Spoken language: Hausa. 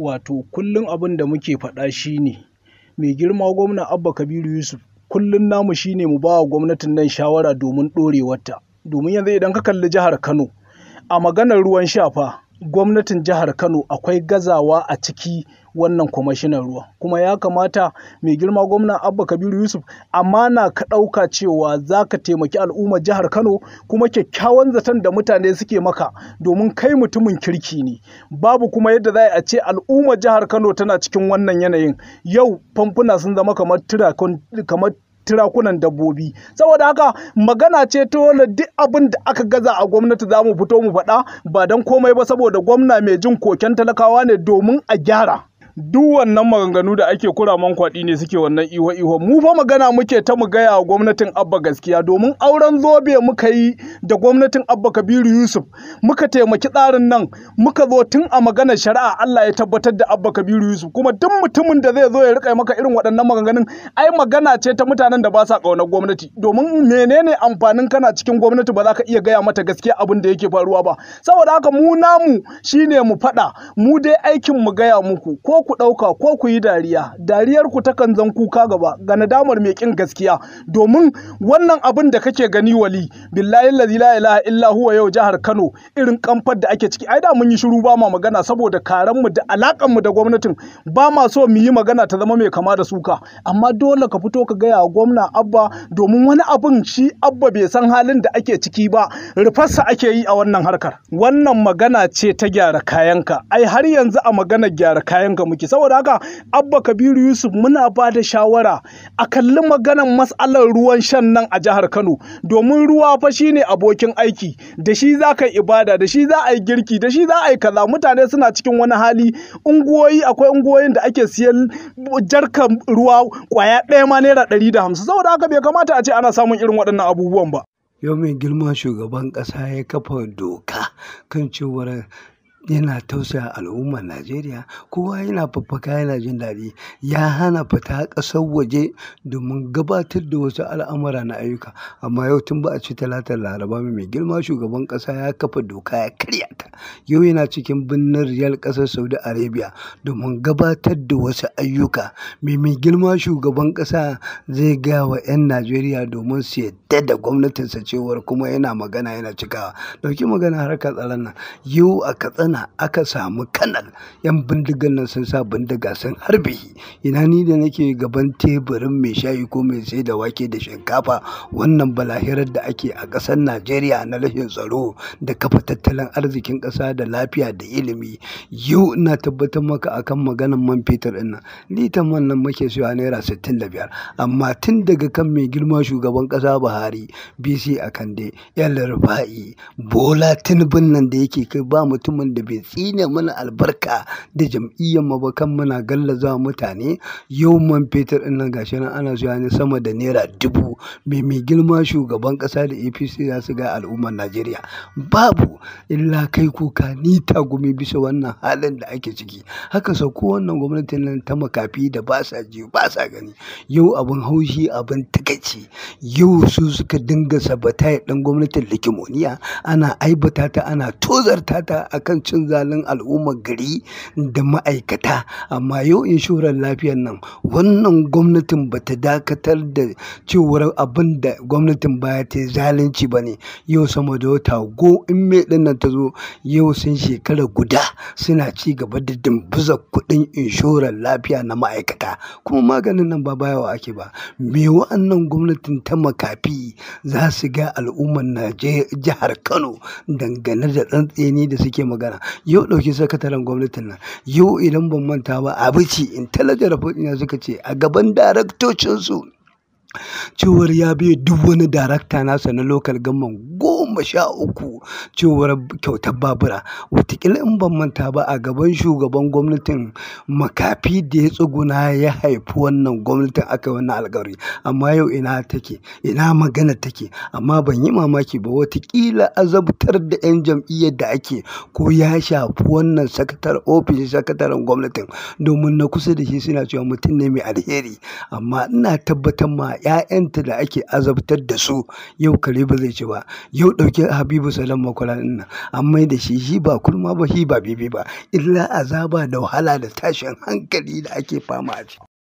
wato kullum abin da muke faɗa shi ne, mai girma gwamna Abba Kabiru Yusuf kullum namu ne mu ba wa gwamnatin nan shawara domin ɗorewarta. Domin yanzu idan ka kalli jihar Kano a maganar ruwan shafa gwamnatin jihar Kano akwai gazawa a ciki wannan kwamishinan ruwa kuma ya kamata mai girma gwamna abba kabiru yusuf amana ka ɗauka cewa za ka taimaki al'ummar jihar kano kuma kyakkyawan zaton da mutane suke maka domin kai mutumin kirki ne babu kuma yadda za a ce al'ummar jihar kano tana cikin wannan yanayin yau famfuna sun zama kamar tirakunan dabbobi saboda haka magana ce ta duk abin da aka gaza a gwamnati zamu fito mu faɗa ba don komai ba saboda gwamna mai jin koken talakawa ne domin a gyara duk wannan maganganu da ake kuraman kwaɗi ne suke wannan iho iho mu fa magana muke ta mu gaya wa gwamnatin abba gaskiya domin auren zobe muka yi da gwamnatin abba kabiru yusuf muka taimaki tsarin nan muka zo tun a magana shari'a allah ya tabbatar da abba kabiru yusuf kuma duk mutumin da zai zo ya rika maka irin waɗannan maganganun ai magana ce ta mutanen da ba sa ƙaunar gwamnati domin menene amfanin kana cikin gwamnati ba za ka iya gaya mata gaskiya abin da yake faruwa ba saboda haka mu namu shine mu faɗa mu dai aikin mu gaya muku ko ku ɗauka ko ku yi dariya dariyar ku takan zan kuka gaba ga nadamar mai kin gaskiya domin wannan abin da kake gani wali billahi la ilaha illa huwa yau jihar Kano irin kamfar da ake ciki ai da mun yi shiru ba ma magana saboda karan mu da alakan mu da gwamnatin ba ma so mu yi magana ta zama mai kama da suka amma dole ka fito ka gaya gwamna abba domin wani abin shi abba bai san halin da ake ciki ba rufarsa ake yi a wannan harkar wannan magana ce ta gyara kayanka ai har yanzu a magana gyara kayanka miki saboda haka abba kabiru yusuf muna ba da shawara a kalli maganan matsalar ruwan shan nan a jihar kano domin ruwa fa shine abokin aiki da shi za ka ibada da shi za a yi girki da shi za a yi kaza mutane suna cikin wani hali unguwoyi akwai unguwoyin da ake siyan jarkan ruwa kwaya ɗaya ma naira ɗari da hamsin saboda haka bai kamata a ce ana samun irin waɗannan abubuwan ba yau mai girma shugaban ƙasa ya kafa doka kan cewar yana tausaya al'ummar Najeriya kowa yana faffaka yana jin daɗi ya hana fita ƙasar waje domin gabatar da wasu al'amura na ayyuka amma yau tun ba a ci talatar laraba mai girma shugaban ƙasa ya kafa doka ya karya ta yau yana cikin birnin riyal ƙasar saudi arabia domin gabatar da wasu ayyuka mai mai girma shugaban ƙasa zai gaya wa 'yan najeriya domin su yadda da gwamnatinsa cewar kuma yana magana yana cikawa ɗauki magana harkar tsaron nan yau a katsan sana aka samu kanal yan bindigan nan sun sa bindiga sun harbe ina ni da nake gaban teburin mai shayi ko mai sai da wake da shinkafa wannan balahirar da ake a ƙasar najeriya na rashin tsaro da kafa tattalin arzikin ƙasa da lafiya da ilimi yau ina tabbatar maka akan maganar man fetur ɗin nan litan man nan muke so a naira sittin da biyar amma tun daga kan mai girma shugaban ƙasa buhari bc akande yan rufa'i bola tinubun nan da yake kai ba mutumin da da bai tsine mana albarka da jam'iyyar mu ba kan muna mutane yau man fetur ɗin nan gashi nan ana zuwa ne sama da naira dubu mai mai girma shugaban ƙasa da APC za su ga al'ummar Najeriya babu illa kai kuka ni tagumi bisa wannan halin da ake ciki haka sauko wannan gwamnatin nan ta makafi da ba sa ji ba sa gani yau abin haushi abin takaici yau su suka dinga sabatai ɗan gwamnatin likimoniya ana aibata ta ana tozarta ta akan cin zalin al'ummar gari da ma'aikata amma yau inshorar lafiyar nan wannan gwamnatin ba ta dakatar da cewar abin da gwamnatin baya ta zalunci ba ne yau sama da wata go in mai nan ta zo yau sun shekara guda suna ci gaba da dimbiza kuɗin inshorar lafiya na ma'aikata kuma maganin nan ba bayawa ake ba me wa'annan gwamnatin ta makafi za su ga al'ummar jihar kano dangane da tsantseni da suke magana yau ɗauki sakataren gwamnatin nan yau idan ban manta ba abici intelligent report ina suka ce a gaban daraktocinsu cewar ya biya duk wani darakta nasa na local government goma sha uku cewar kyautar babura watakila in ban manta ba a gaban shugaban gwamnatin makafi da ya tsuguna ya haifi wannan gwamnatin aka wannan alkawari amma yau ina take ina magana take amma ban yi mamaki ba watakila azabtar da 'yan jam'iyyar da ake ko ya shafi wannan sakatar ofishin sakataren gwamnatin domin na kusa da shi suna cewa mutum ne mai alheri amma ina tabbatar ma ‘ya'yanta da ake azabtar da su yau kare ba zai ci ba yau ɗauke habibu salam makwara nan an mai da shi shi ba kurma ba shi ba bebe ba illa azaba da wahala da tashin hankali da ake fama a ciki